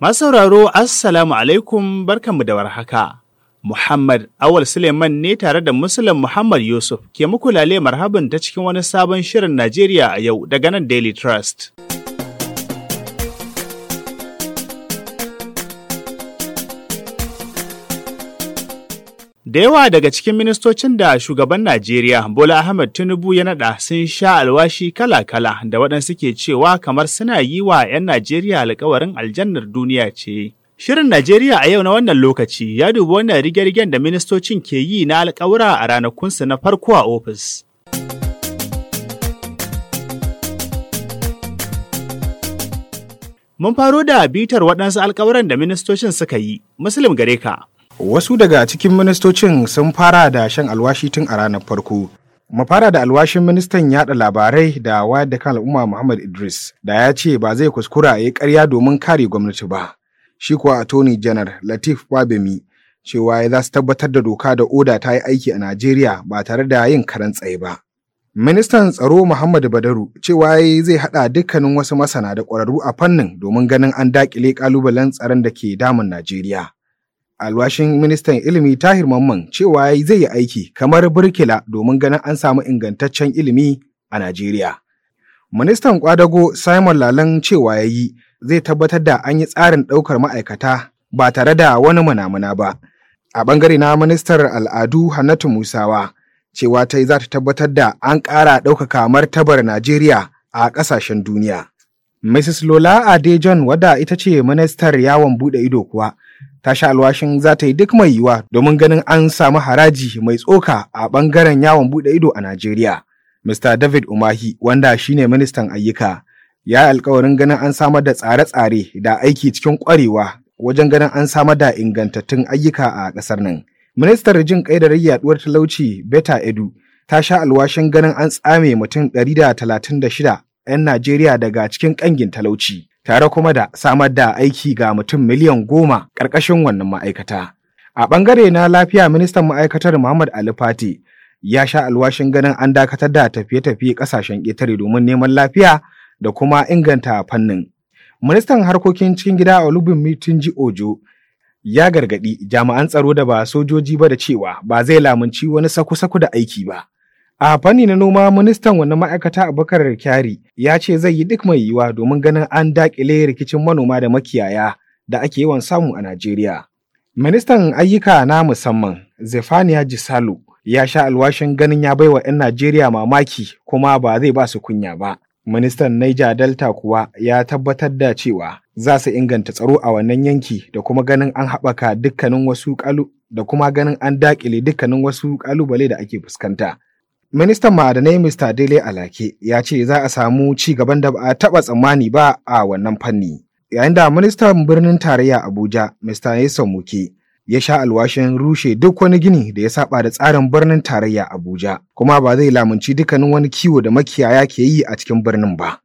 Masu sauraro, Assalamu alaikum barkan mu da warhaka. Muhammad Awal Suleiman ne tare da Musulun Muhammad Yusuf ke muku lale marhaban ta cikin wani sabon shirin Najeriya a yau daga nan Daily Trust. Da yawa daga cikin ministocin da shugaban Najeriya Bola Ahmed Tinubu ya naɗa sun sha alwashi kala-kala da waɗansu ke cewa kamar suna yi wa 'yan Najeriya alkawarin aljannar duniya ce. Shirin Najeriya a yau na wannan lokaci ya dubi wannan rige-rigen da ministocin ke yi na alkawura a ranakunsu na farko a ofis. Mun faro da bitar waɗansu alkawuran da ministocin suka yi, Muslim Gareka. wasu daga cikin ministocin sun fara da shan alwashi tun a ranar farko mafara da alwashin ministan yada labarai da wayar da kan al'umma muhammad idris da ya ce ba zai kuskura ya karya domin kare gwamnati ba shi kuwa attorney janar latif wabemi cewa ya za su tabbatar da doka da oda ta yi aiki a najeriya ba tare da yin karan tsaye ba ministan tsaro muhammad badaru cewa zai hada dukkanin wasu masana da ƙwararru a fannin domin ganin an dakile ƙalubalen tsaron da ke damun najeriya alwashin ministan ilimi tahir mamman cewa zai yi aiki kamar birkila domin ganin an samu ingantaccen ilimi a najeriya ministan kwadago simon lalan cewa ya yi zai tabbatar da an yi tsarin ɗaukar ma'aikata ba tare da wani munamuna ba a ɓangare na ministar al'adu hannatu musawa cewa ta yi za ta tabbatar da an ƙara ɗaukaka martabar najeriya a ƙasashen duniya mrs lola adejon wadda ita ce ministar yawon buɗe ido kuwa ta sha alwashin za ta yi duk mai yiwuwa domin ganin an samu haraji mai tsoka a ɓangaren yawon buɗe ido a Najeriya. Mr. David Umahi, wanda shine ministan ayyuka, ya yi alkawarin ganin an samar da tsare-tsare da aiki cikin ƙwarewa wajen ganin an samar da ingantattun ayyuka a ƙasar nan. Ministar jin kai da rage yaduwar talauci Beta Edu ta sha alwashin ganin an tsame mutum da da talatin shida 'yan Najeriya daga cikin ƙangin talauci. tare kuma da samar da aiki ga mutum miliyan goma ƙarƙashin wannan ma'aikata. A ɓangare na lafiya ministan ma'aikatar Muhammad Ali Fati ya sha alwashin ganin an dakatar da tafiye-tafiye ƙasashen ƙetare domin neman lafiya da kuma inganta fannin. Ministan harkokin cikin gida a Olubunmi mitinji Ojo ya gargaɗi jami'an tsaro da ba sojoji ba da cewa ba zai lamunci wani saku-saku da aiki ba. A fanni na noma ministan wannan ma'aikata a Abubakar Kyari ya ce zai yi duk mai yiwuwa domin ganin an dakile rikicin manoma da makiyaya da ake yawan samu a Najeriya. Ministan ayyuka na musamman Zefania Jisalu, ya sha alwashin ganin ya baiwa 'yan Najeriya mamaki kuma ba zai ba su kunya ba. Ministan Niger Delta kuwa ya tabbatar da cewa za su inganta tsaro a wannan yanki da kuma ganin an haɓaka da kuma ganin an dakile dukkanin wasu ƙalubale da ake fuskanta. Ministan ma'adanai Mr. Dele Alake ya ce za a samu ci gaban da ba a taɓa tsammani ba a wannan fanni. Yayin da ministan birnin tarayya Abuja Mr. Nelson Muke ya sha alwashin rushe duk wani gini da ya saba da tsarin birnin tarayya Abuja, kuma ba zai lamunci dukkanin wani kiwo da makiyaya ke yi a cikin birnin ba.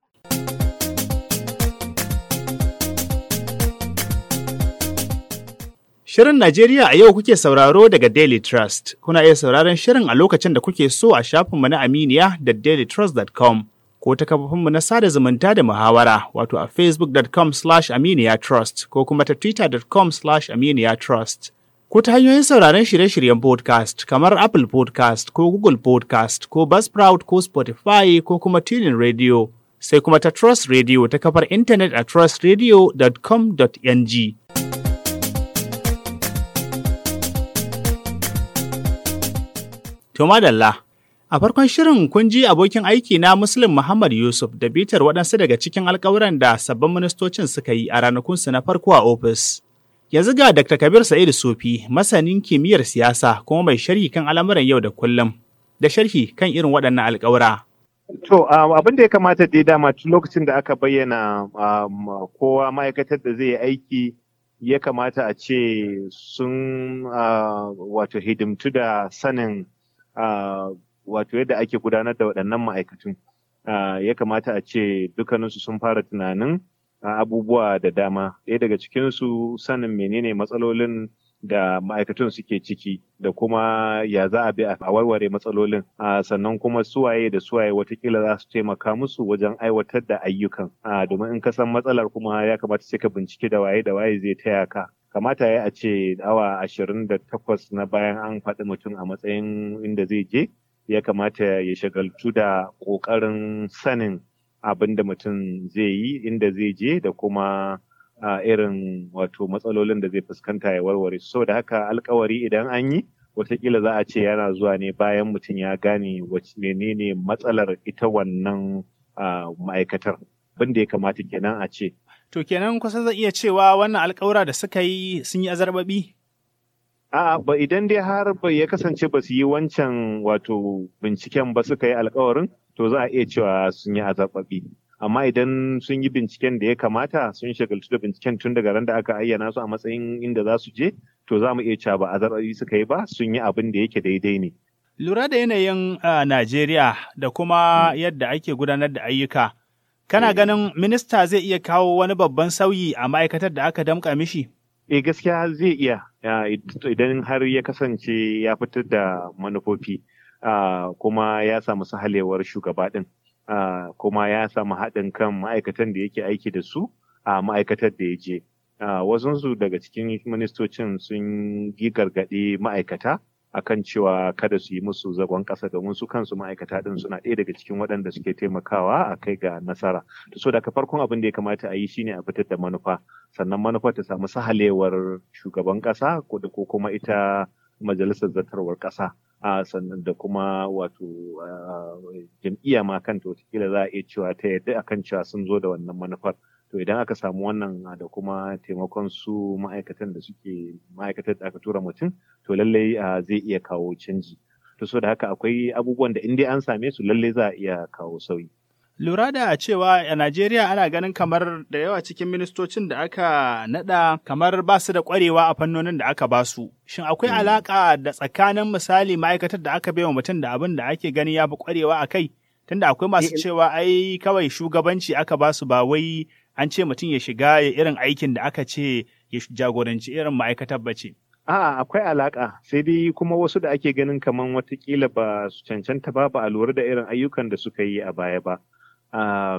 Shirin Najeriya a yau kuke sauraro daga Daily Trust. Kuna iya sauraron shirin a lokacin da kuke so a shafinmu na Aminiya da dailytrust.com ko ta mu na sada zumunta da muhawara wato a facebook.com slash aminiya trust ko kuma ta twitter.com slash aminiya trust. Ko ta hanyoyin sauraron shirye-shiryen podcast kamar Apple podcast ko Google podcast ko Buzzsprout ko Spotify ko kuma Tuning Radio sai kuma ta Trust Radio ta kafar intanet a trustradio.com.ng. To madalla, a farkon shirin kun ji abokin aiki na Muslim Muhammad Yusuf da bitar waɗansu daga cikin alkawuran da sabbin ministocin suka yi a ranakunsu na farko a ofis. Yanzu ga Dr. Kabir Sa'id Sufi, masanin kimiyyar siyasa kuma mai sharhi kan al'amuran yau da kullum, da sharhi kan irin waɗannan alkawura. To abin da ya kamata dai dama tun lokacin da aka bayyana kowa ma'aikatar da zai yi aiki ya kamata a ce sun wato hidimtu da sanin wato yadda ake gudanar da waɗannan ma'aikatun ya kamata a ce dukkaninsu sun fara tunanin abubuwa da dama ɗaya daga cikinsu sanin menene matsalolin da ma'aikatun suke ciki da kuma ya za a bi a warware matsalolin sannan kuma suwaye da suwaye watakila za su taimaka musu wajen aiwatar da ayyukan domin in ka san matsalar kuma ya kamata sai ka bincike da waye da waye zai taya ka kamata ya a ce awa ashirin da takwas na bayan an faɗi mutum a matsayin inda zai je ya kamata ya shagaltu da ƙoƙarin sanin abin da mutum zai yi inda zai je da kuma a irin wato matsalolin da zai fuskanta ya warware saboda haka alkawari idan an yi watakila za a ce yana zuwa ne bayan mutum ya gane menene matsalar ita wannan ma'aikatar abin da ya kamata kenan a ce To kenan kusa zai iya cewa wannan alkawura da suka yi sun yi azarbabi? A'a ba idan dai har ba ya kasance ba su yi wancan wato binciken ba suka yi alkawarin to za a iya cewa sun yi azarbabi. Amma idan sun yi binciken da ya kamata sun shagaltu da binciken tun daga ran da aka ayyana su a matsayin inda za su je to za mu iya cewa ba azarbabi suka yi ba sun yi abin da yake daidai ne. Lura da yanayin ah, Najeriya da kuma hmm. yadda ake gudanar da ayyuka. Kana eh. ganin minista zai iya kawo wani babban sauyi a ma'aikatar da aka damƙa mishi? Eh gaskiya zai iya idan har ya kasance ya fitar da manufofi kuma ya samu sahalewar shugaba ɗin kuma ya samu haɗin kan ma'aikatan da yake aiki da su a ma'aikatar da ya je. Wasunsu daga cikin ministocin sun yi gargaɗi ma'aikata akan cewa kada su yi musu zagon ƙasa domin su kansu ma'aikata din suna ɗaya daga cikin waɗanda suke taimakawa a kai ga nasara to so daga farkon abin da ya kamata a yi shine a fitar da manufa sannan manufa ta samu sahalewar shugaban ƙasa ko kuma ita majalisar zartarwar ƙasa a sannan da kuma wato jam'iyya ma kanta watakila za a iya cewa ta yadda akan cewa sun zo da wannan manufar to idan aka samu wannan ah, da kuma taimakon su ma'aikatan da suke ma'aikatar da aka tura mutum to lallai ah, zai iya kawo canji to so da haka akwai abubuwan da indi an same su lallai za a iya kawo sauyi Lura da cewa a Najeriya ana ganin kamar da yawa cikin ministocin da aka nada kamar ba su da kwarewa a fannonin da aka ba su. Shin akwai hmm. alaka da tsakanin misali ma'aikatar da aka baiwa mutum da abin da ake gani ya fi kwarewa a kai? Tunda akwai masu eh, cewa ai kawai shugabanci aka ba su ba wai an ce mutum ya shiga ya irin aikin da aka ce ya jagoranci irin ma'aikatar bace. A'a akwai alaƙa, sai dai kuma wasu da ake ganin kamar watakila ba su cancanta ba ba a lura da irin ayyukan da suka yi a baya ba.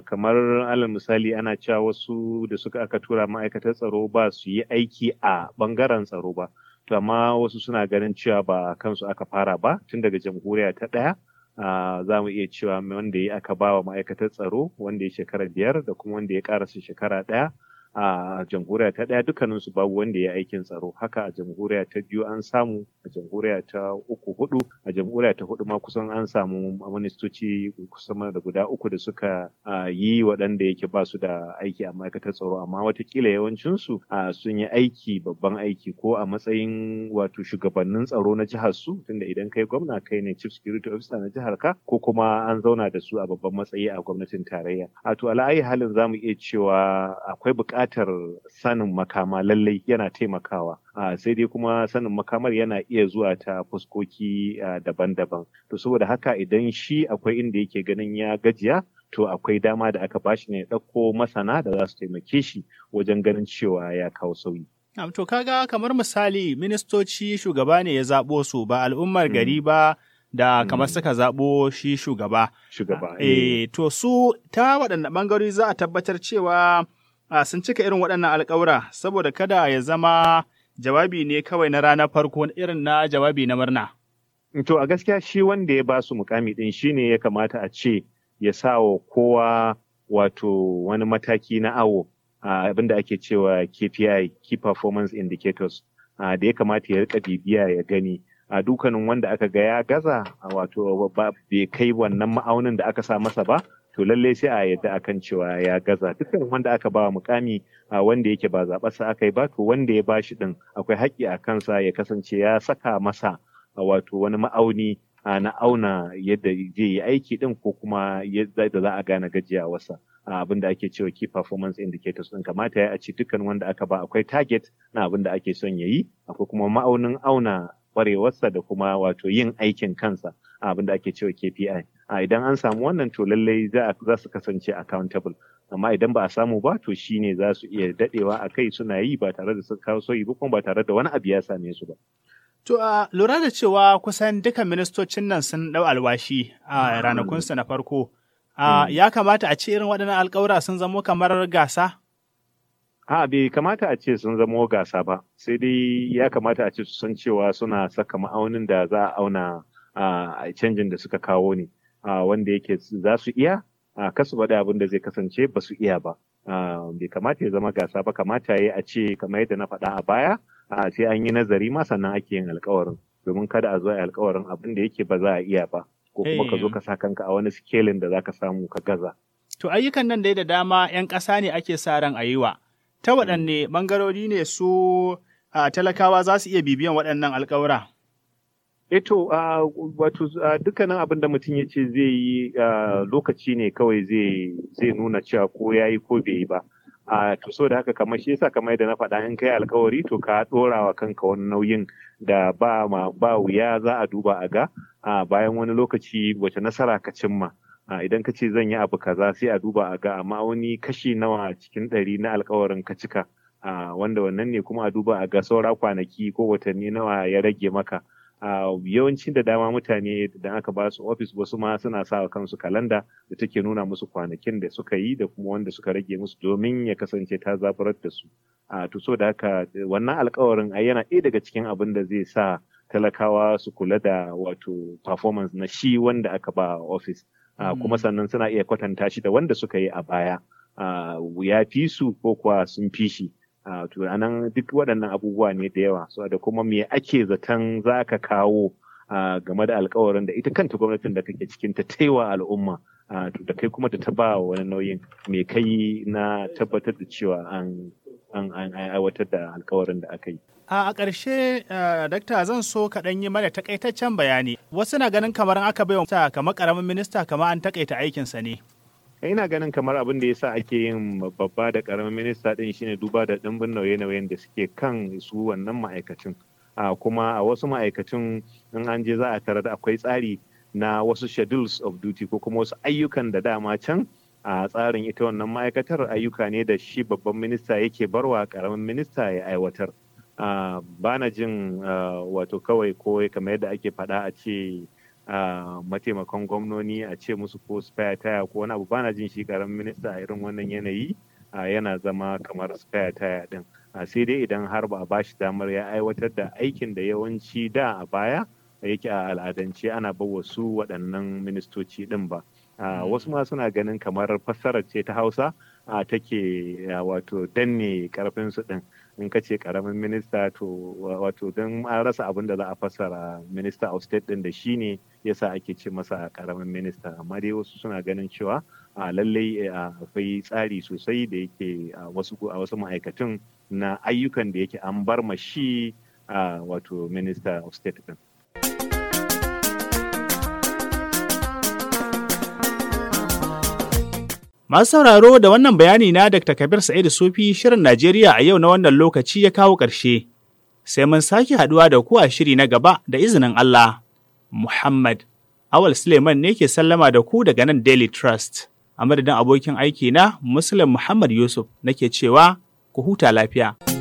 kamar alal misali ana cewa wasu da suka aka tura ma'aikatar tsaro ba su yi aiki a bangaren tsaro ba to amma wasu suna ganin cewa ba kansu aka fara ba tun daga jamhuriya ta ɗaya za mu iya cewa wanda ya aka ba wa ma'aikatar tsaro wanda ya shekara biyar da kuma wanda ya karasa shekara ɗaya a jamhuriya ta ɗaya dukkaninsu babu wanda ya aikin tsaro haka a jamhuriya ta biyu an samu a jamhuriya ta uku hudu a jamhuriya ta hudu ma kusan an samu ministoci kusan da guda uku da suka yi waɗanda yake ba su da aiki a ma'aikatar tsaro amma watakila yawancinsu sun yi aiki babban aiki ko a matsayin wato shugabannin tsaro na jihar su tunda idan kai gwamna kai ne chief security officer na jihar ka ko kuma an zauna da su a babban matsayi a gwamnatin tarayya a to ala'ayi halin zamu iya cewa akwai buƙatar buƙatar sanin makama lallai yana taimakawa sai dai kuma sanin makamar yana iya zuwa ta fuskoki daban-daban to saboda haka idan shi akwai inda yake ganin ya gajiya to akwai dama da aka bashi ne ya ɗauko masana da za su taimake shi wajen ganin cewa ya kawo sauyi to kaga kamar misali ministoci shugaba ne ya zaɓo su ba al'ummar gari mm. ba da kamar mm. suka zaɓo shi shugaba. Shugaba. E, to su ta waɗanda ɓangarori za a tabbatar cewa sun cika irin waɗannan alƙawura saboda kada ya zama jawabi ne kawai na ranar farko irin na jawabi na murna. To a gaskiya shi wanda ya ba su mukami ɗin shi ne ya kamata a ce ya sa wa kowa wato wani mataki na awo abinda ake cewa KPI Key Performance Indicators da ya kamata ya rika bibiya ya gani a dukanin wanda aka gaya ya gaza wato bai kai wannan ma'aunin da aka sa masa ba to lalle sai a yadda akan cewa ya gaza dukkan wanda aka ba mukami a wanda yake ba zaɓarsa aka yi ba to wanda ya bashi din akwai haƙƙi a kansa ya kasance ya saka masa wato wani ma'auni na auna yadda zai yi aiki din ko kuma yadda za a gane gajiyawarsa abin da ake cewa key performance indicators din kamata ya ci dukkan wanda aka ba akwai target na abin da ake son ya yi akwai kuma ma'aunin auna kwarewarsa da kuma wato yin aikin kansa abin da ake cewa KPI idan an samu wannan to lallai za su kasance accountable amma idan ba a samu ba to shine za su iya dadewa a kai suna yi ba tare da sun kawo sauyi ba kuma ba tare da wani abu ya same su ba. To a lura da cewa kusan duka ministocin nan sun dau alwashi a ranakunsu na farko. Hmm. Ya kamata a ce irin waɗannan alƙawura sun zamo kamar gasa? A bai kamata a ce sun zamo gasa ba, sai dai ya kamata a ce su san cewa suna saka ma'aunin da za a auna a canjin da suka kawo ne. wanda yake za su iya kasu faɗi abin da zai kasance ba su iya ba bai kamata ya zama gasa ba kamata ya yi a ce kamar yadda na faɗa a baya a ce an yi nazari ma sannan ake yin alkawarin domin kada a zo a alkawarin abin da yake ba za a iya ba ko kuma ka zo ka sa kanka a wani sikelin da za ka samu ka gaza. To ayyukan nan dai da dama 'yan ƙasa ne ake sa ran a yi wa. Ta waɗanne hmm. ɓangarori ne su talakawa za su iya bibiyan waɗannan alkawura? Eto, eh wato dukkanin abin da mutum ya ce zai yi lokaci ne kawai zai nuna cewa ko ya yi ko bai yi ba. to so da haka kamar shi yasa kamar yadda na faɗa in kai alkawari to ka ɗora wa kanka wani nauyin da ba wuya za a duba a ga bayan wani lokaci wace nasara ka cimma. idan ka ce zan yi abu kaza sai a duba a ga amma wani kashi nawa cikin ɗari na alkawarin ka cika. wanda wannan ne kuma a duba a ga saura kwanaki ko watanni nawa ya rage maka. a yawanci da dama mutane idan aka ba su ofis wasu ma suna sa wa kansu kalanda da take nuna musu kwanakin da suka yi da kuma wanda suka rage musu domin ya kasance ta zafarar da su a to da haka wannan alkawarin ai yana ɗaya daga cikin abin da zai sa talakawa su kula da wato performance na shi wanda aka ba ofis uh, kuma hmm. sannan suna iya kwatanta shi da wanda suka yi a baya uh, ya fi su ko kuwa sun fi shi to anan duk waɗannan abubuwa ne da yawa so da kuma me ake zaton za ka kawo game da alkawarin da ita kanta gwamnatin da kake cikin ta taiwa al'umma to da kai kuma ta taba wani nauyin me kai na tabbatar da cewa an aiwatar da alkawarin da aka yi. A ƙarshe, Dakta zan so kaɗan yi mana takaitaccen bayani. Wasu na ganin kamar aka bai wa kamar ƙaramin minista kamar an takaita aikinsa ne. ina ganin kamar abin da ya sa ake yin babba da karamin minista din shine duba da dimbin nauye-nauyen da suke kan su wannan ma'aikacin kuma a wasu ma'aikacin in an je za a tarar da akwai tsari na wasu schedules of duty ko kuma wasu ayyukan da dama can a tsarin ita wannan ma'aikatar ayyuka ne da shi babban minista yake barwa karamin minista ya aiwatar bana jin wato kawai ko kamar yadda ake faɗa a ce a mataimakan gwamnoni a ce musu ko spare taya ko wani abu bana jin shi karan minista a irin wannan yanayi yana zama kamar spare tire din sai dai idan har ba a bashi damar ya aiwatar da aikin da yawanci da a baya yake a al'adance ana ba wasu waɗannan ministoci din ba hmm. wasu ma suna ganin kamar fassarar ce ta hausa take wato danne karfin su din in ka ce karamin minista to wato don an rasa abin da za a fassara minista of state din da shi ne yasa ake ce masa karamin minista amma dai wasu suna ganin cewa a lallai eh, akwai tsari sosai da yake a wasu ma'aikatun na ayyukan da yake an bar ma shi wato minista of state din. Masu sauraro da wannan bayani na Dr. Kabir Sa'idu Sufi shirin Najeriya a yau na wannan lokaci ya kawo ƙarshe. Sai mun sake haɗuwa da ku a shiri na gaba da izinin Allah. Muhammad Awal Suleiman ne ke sallama da ku daga nan Daily Trust. A madadin abokin aiki na Muslim Muhammad Yusuf nake cewa ku huta lafiya.